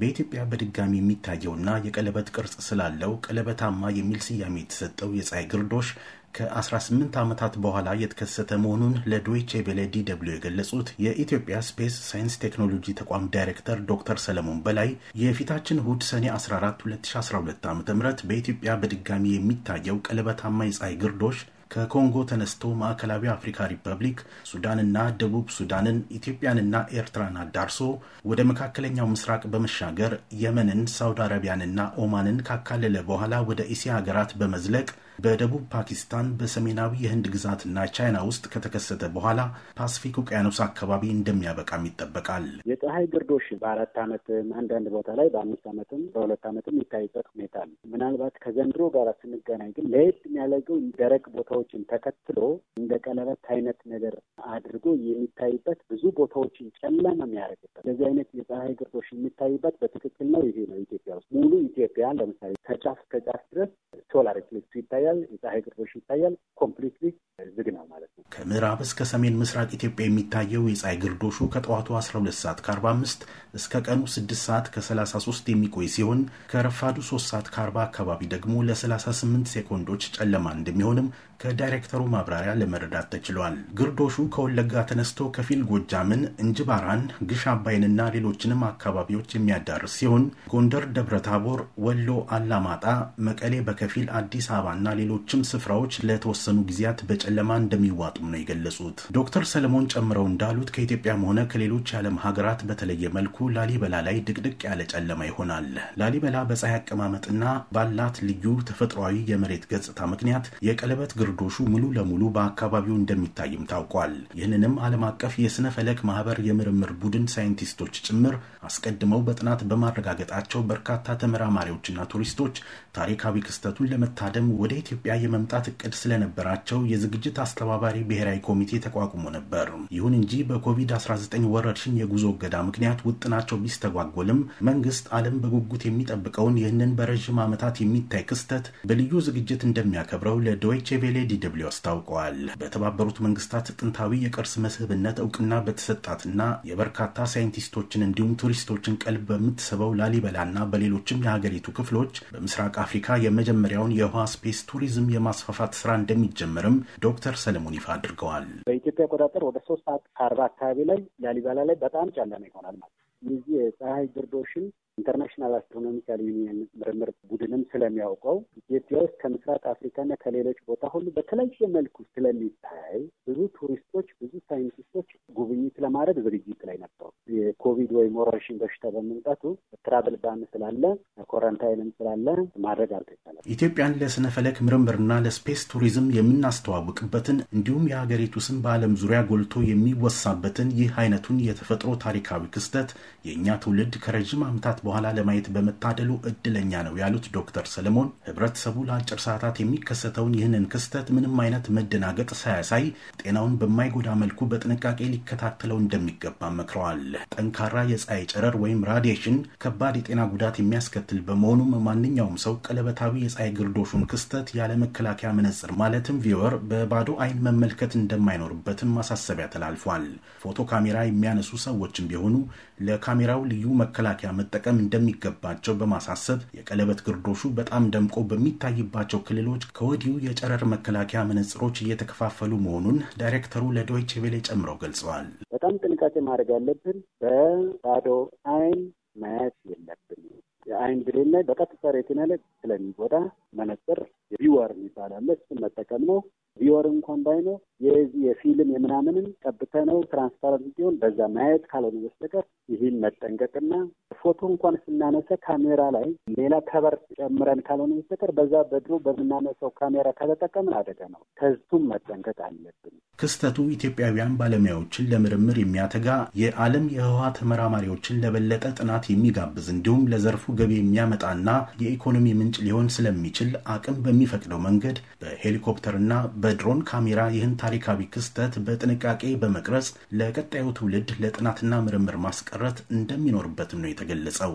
በኢትዮጵያ በድጋሚ የሚታየውና የቀለበት ቅርጽ ስላለው ቀለበታማ የሚል ስያሜ የተሰጠው የፀሐይ ግርዶሽ ከ18 ዓመታት በኋላ የተከሰተ መሆኑን ለዶይቼ ቬለ ዲ የገለጹት የኢትዮጵያ ስፔስ ሳይንስ ቴክኖሎጂ ተቋም ዳይሬክተር ዶክተር ሰለሞን በላይ የፊታችን እሁድ ሰኔ 14 2012 ዓ ም በኢትዮጵያ በድጋሚ የሚታየው ቀለበታማ የፀሐይ ግርዶሽ ከኮንጎ ተነስቶ ማዕከላዊ አፍሪካ ሪፐብሊክ፣ ሱዳንና ደቡብ ሱዳንን፣ ኢትዮጵያንና ኤርትራን አዳርሶ ወደ መካከለኛው ምስራቅ በመሻገር የመንን፣ ሳውዲ አረቢያንና ኦማንን ካካለለ በኋላ ወደ እስያ ሀገራት በመዝለቅ በደቡብ ፓኪስታን በሰሜናዊ የህንድ ግዛትና ቻይና ውስጥ ከተከሰተ በኋላ ፓስፊክ ውቅያኖስ አካባቢ እንደሚያበቃም ይጠበቃል። የፀሐይ ግርዶሽ በአራት ዓመትም አንዳንድ ቦታ ላይ በአምስት ዓመትም በሁለት ዓመትም የሚታይበት ሁኔታ አለ። ምናልባት ከዘንድሮ ጋር ስንገናኝ ግን ለየት የሚያደርገው ደረቅ ቦታዎችን ተከትሎ እንደ ቀለበት አይነት ነገር አድርጎ የሚታይበት ብዙ ቦታዎችን ጨለማ የሚያደርግበት እንደዚህ አይነት የፀሐይ ግርዶሽ የሚታይበት በትክክል ነው። ይሄ ነው ኢትዮጵያ ውስጥ ሙሉ ኢትዮጵያ ለምሳሌ ከጫፍ ከጫፍ ድረስ ሶላር ኤክሊፕስ ይታያል፣ የፀሐይ ግርቦሽ ይታያል። ኮምፕሊትሊ ከምዕራብ እስከ ሰሜን ምስራቅ ኢትዮጵያ የሚታየው የፀሐይ ግርዶሹ ከጠዋቱ 12 ሰዓት ከ45 እስከ ቀኑ 6 ሰዓት ከ33 የሚቆይ ሲሆን ከረፋዱ 3 ሰዓት ከ40 አካባቢ ደግሞ ለ38 ሴኮንዶች ጨለማ እንደሚሆንም ከዳይሬክተሩ ማብራሪያ ለመረዳት ተችሏል። ግርዶሹ ከወለጋ ተነስቶ ከፊል ጎጃምን፣ እንጅባራን፣ ግሽ አባይንና ሌሎችንም አካባቢዎች የሚያዳርስ ሲሆን ጎንደር፣ ደብረ ታቦር፣ ወሎ፣ አላማጣ፣ መቀሌ በከፊል አዲስ አበባና ሌሎችም ስፍራዎች ለተወሰኑ ጊዜያት በጨለማ እንደሚዋጡ እንዳጡም ነው የገለጹት። ዶክተር ሰለሞን ጨምረው እንዳሉት ከኢትዮጵያም ሆነ ከሌሎች የዓለም ሀገራት በተለየ መልኩ ላሊበላ ላይ ድቅድቅ ያለ ጨለማ ይሆናል። ላሊበላ በፀሐይ አቀማመጥና ባላት ልዩ ተፈጥሯዊ የመሬት ገጽታ ምክንያት የቀለበት ግርዶሹ ሙሉ ለሙሉ በአካባቢው እንደሚታይም ታውቋል። ይህንንም ዓለም አቀፍ የሥነ ፈለክ ማህበር የምርምር ቡድን ሳይንቲስቶች ጭምር አስቀድመው በጥናት በማረጋገጣቸው በርካታ ተመራማሪዎችና ቱሪስቶች ታሪካዊ ክስተቱን ለመታደም ወደ ኢትዮጵያ የመምጣት እቅድ ስለነበራቸው የዝግጅት አስተባባሪ ብሔራዊ ኮሚቴ ተቋቁሞ ነበር። ይሁን እንጂ በኮቪድ-19 ወረርሽኝ የጉዞ እገዳ ምክንያት ውጥናቸው ቢስተጓጎልም መንግስት ዓለም በጉጉት የሚጠብቀውን ይህንን በረዥም ዓመታት የሚታይ ክስተት በልዩ ዝግጅት እንደሚያከብረው ለዶይቼ ቬሌ አስታውቀዋል። በተባበሩት መንግስታት ጥንታዊ የቅርስ መስህብነት እውቅና በተሰጣትና የበርካታ ሳይንቲስቶችን እንዲሁም ቱሪስቶችን ቀልብ በምትስበው ላሊበላና በሌሎችም የሀገሪቱ ክፍሎች በምስራቅ አፍሪካ የመጀመሪያውን የውሃ ስፔስ ቱሪዝም የማስፋፋት ስራ እንደሚጀምርም ዶክተር ሰለሞን ይፋ አድርገዋል። በኢትዮጵያ አቆጣጠር ወደ ሶስት ሰዓት ከአርባ አካባቢ ላይ ላሊበላ ላይ በጣም ጨለማ ይሆናል ማለት ነው። የፀሐይ ግርዶሽን ኢንተርናሽናል አስትሮኖሚካል ዩኒየን ምርምር ቡድንም ስለሚያውቀው ኢትዮጵያ ውስጥ ከምስራቅ አፍሪካና ከሌሎች ቦታ ሁሉ በተለየ መልኩ ስለሚታይ ብዙ ቱሪስቶች፣ ብዙ ሳይንቲስቶች ጉብኝት ለማድረግ ዝግጅት ላይ ነበሩ። የኮቪድ ወይም ወረርሽኝ በሽታ በመምጣቱ ትራብል ባን ስላለ ኮረንታይንም ስላለ ማድረግ አልተቻለም። ኢትዮጵያን ለስነ ፈለክ ምርምርና ለስፔስ ቱሪዝም የምናስተዋውቅበትን እንዲሁም የሀገሪቱ ስም በዓለም ዙሪያ ጎልቶ የሚወሳበትን ይህ አይነቱን የተፈጥሮ ታሪካዊ ክስተት የእኛ ትውልድ ከረዥም ዓመታት በኋላ ለማየት በመታደሉ እድለኛ ነው ያሉት ዶክተር ሰለሞን ህብረተሰቡ ለአጭር ሰዓታት የሚከሰተውን ይህንን ክስተት ምንም አይነት መደናገጥ ሳያሳይ ጤናውን በማይጎዳ መልኩ በጥንቃቄ ሊከታተለው እንደሚገባ መክረዋል። ጠንካራ የፀሐይ ጨረር ወይም ራዲሽን ከባድ የጤና ጉዳት የሚያስከትል በመሆኑም ማንኛውም ሰው ቀለበታዊ የፀሐይ ግርዶሹን ክስተት ያለ መከላከያ መነጽር ማለትም ቪወር በባዶ አይን መመልከት እንደማይኖርበትም ማሳሰቢያ ተላልፏል። ፎቶ ካሜራ የሚያነሱ ሰዎችም ቢሆኑ ለካሜራው ልዩ መከላከያ መጠቀም መጠቀም እንደሚገባቸው በማሳሰብ የቀለበት ግርዶሹ በጣም ደምቆ በሚታይባቸው ክልሎች ከወዲሁ የጨረር መከላከያ መነጽሮች እየተከፋፈሉ መሆኑን ዳይሬክተሩ ለዶይቼ ቬለ ጨምረው ገልጸዋል። በጣም ጥንቃቄ ማድረግ ያለብን በባዶ አይን ማየት የለም። የአይን ብሌን ላይ በቀጥታ ሬቲና ላይ ስለሚጎዳ መነጽር ቪወር የሚባል አለ። እሱን መጠቀም ነው። ቪወር እንኳን ባይኖር የዚህ የፊልም የምናምንን ቀብተ ነው ትራንስፓረንት ሲሆን በዛ ማየት ካልሆነ በስተቀር ይህን መጠንቀቅና ፎቶ እንኳን ስናነሳ ካሜራ ላይ ሌላ ከበር ጨምረን ካልሆነ በስተቀር በዛ በድሮ በምናነሳው ካሜራ ከተጠቀምን አደጋ ነው። ከሱም መጠንቀቅ አለብን። ክስተቱ ኢትዮጵያውያን ባለሙያዎችን ለምርምር የሚያተጋ የዓለም የህዋ ተመራማሪዎችን ለበለጠ ጥናት የሚጋብዝ እንዲሁም ለዘርፉ ገቢ የሚያመጣና የኢኮኖሚ ምንጭ ሊሆን ስለሚችል አቅም በሚፈቅደው መንገድ በሄሊኮፕተርና በድሮን ካሜራ ይህን ታሪካዊ ክስተት በጥንቃቄ በመቅረጽ ለቀጣዩ ትውልድ ለጥናትና ምርምር ማስቀረት እንደሚኖርበትም ነው የተገለጸው።